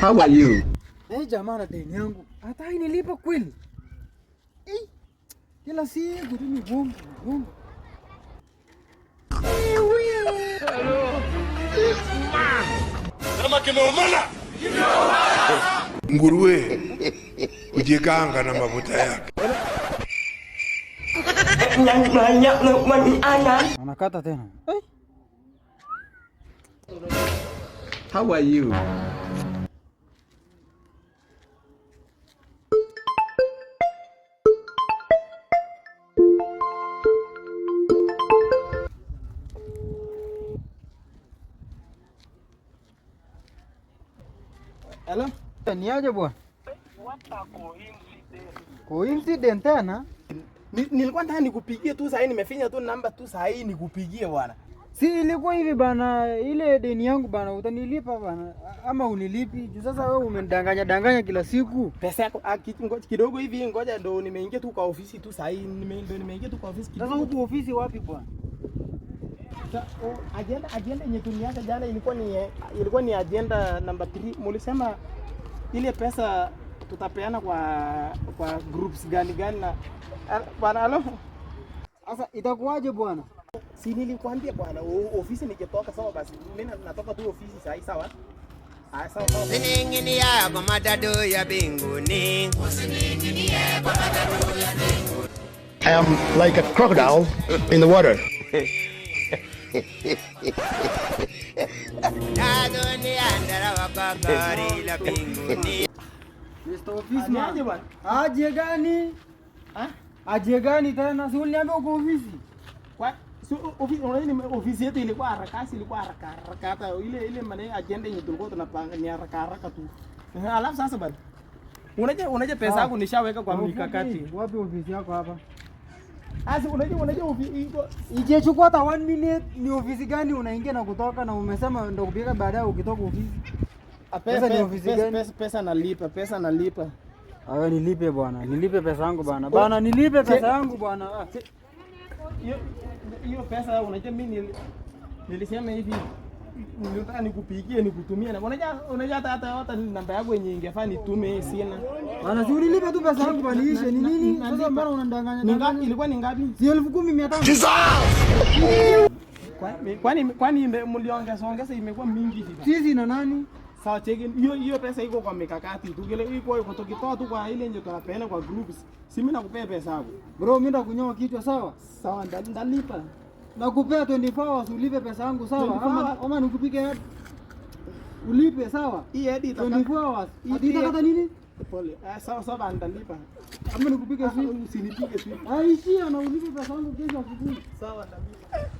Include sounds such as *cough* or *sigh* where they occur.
How are you? Hey, jamaa na deni yangu. Hata inilipa kweli. Eh. Kila siku tu ni bongo, bongo. Hello. Kama kimeumana. Kimeumana. Nguruwe. Ujikaanga na mafuta yake. Anakata tena. How are you? Hello? Ni aje bwana? What a coincidence. Coincidence tena? Nilikuwa nataka nikupigie tu sahii, nimefinya tu namba tu sahii nikupigie bwana. Si ilikuwa hivi bana, ile deni yangu bana, utanilipa bana ama unilipi? Juu sasa wewe umenidanganya danganya kila siku. Pesa yako ah, kidogo hivi, ngoja ndo nimeingia tu kwa ofisi tu sahii, nimeingia tu kwa ofisi. kidogo. Sasa huko ofisi wapi bwana? Ajenda ajenda yenye tulianza jana ilikuwa ni ilikuwa ni ajenda namba 3. Mulisema ile pesa tutapeana kwa kwa groups gani gani na bwana alo. Sasa itakuwaje bwana? Si nilikwambia bwana, ofisi nikitoka sawa basi. Mimi natoka tu ofisi sahi sawa. Usining'inie kwa matatu ya binguni. Usining'inie kwa matatu ya binguni. I am like a crocodile in the water. *laughs* Aje gani? Aje gani tena? Si uliniambia uko ofisi? Kwa ofisi yetu ilikuwa haraka, ilikuwa haraka haraka, hata ile ile maana agenda yenye tulikuwa tunapanga ni haraka haraka tu. Alafu sasa bado. Unajua unajua pesa ah, yako nishaweka kwa mikakati. Wapi ofisi yako hapa? Asi unajua unajua ije chukua ta 1 minute ni ofisi gani unaingia na kutoka na umesema ndio kupiga baadaye ukitoka ofisi. Pesa ni ofisi gani? Pesa pesa nalipa, pesa nalipa. Awe nilipe bwana, nilipe pesa yangu bwana. Bwana nilipe pesa yangu bwana. Hiyo hiyo pesa unajua mimi nilisema hivi Unataka nikupigie nikutumie, unajua unajua, hata hata hata namba yako yenye ingefaa nitume sina. Bana, si ulinipa tu pesa yangu badilishe ni nini? Sasa mbona unanidanganya? Ni ngapi ilikuwa ni ngapi? Si elfu kumi mia tano. Kwani kwani mliongeza ongeza imekuwa mingi vipi? Sisi na nani? Sawa, cheki hiyo hiyo pesa iko kwa mikakati tu, kile iko iko tukitoa tu kwa ile nje tunapeana kwa groups. Si mimi nakupea pesa yako. Bro, mimi ndakunyoa kichwa sawa? Sawa, ndalipa nakupea 24 hours ulipe pesa yangu sawa, ama ama nikupige hadi ulipe sawa, hii hadi 24 hours hadi kata nini? Pole ah, sawa sawa, ndalipa ama nikupige ah, swift, usinipige swift, aishia na ulipe pesa yangu kesho asubuhi, sawa ndalipa.